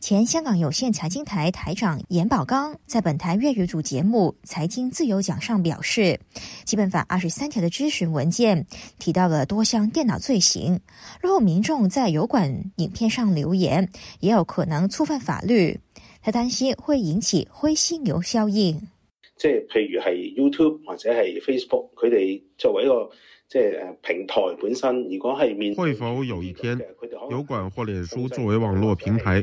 前香港有線財經台台長嚴寶剛在本台粵語組節目《財經自由獎》上表示，《基本法》二十三條的諮詢文件提到了多項電腦罪行，日後民眾在油管影片上留言，也有可能觸犯法律。他擔心會引起灰犀牛效應，即係譬如係 YouTube 或者係 Facebook，佢哋作為一個即係誒平台本身，如果係面對會否有一天油管或臉書作為網絡平台，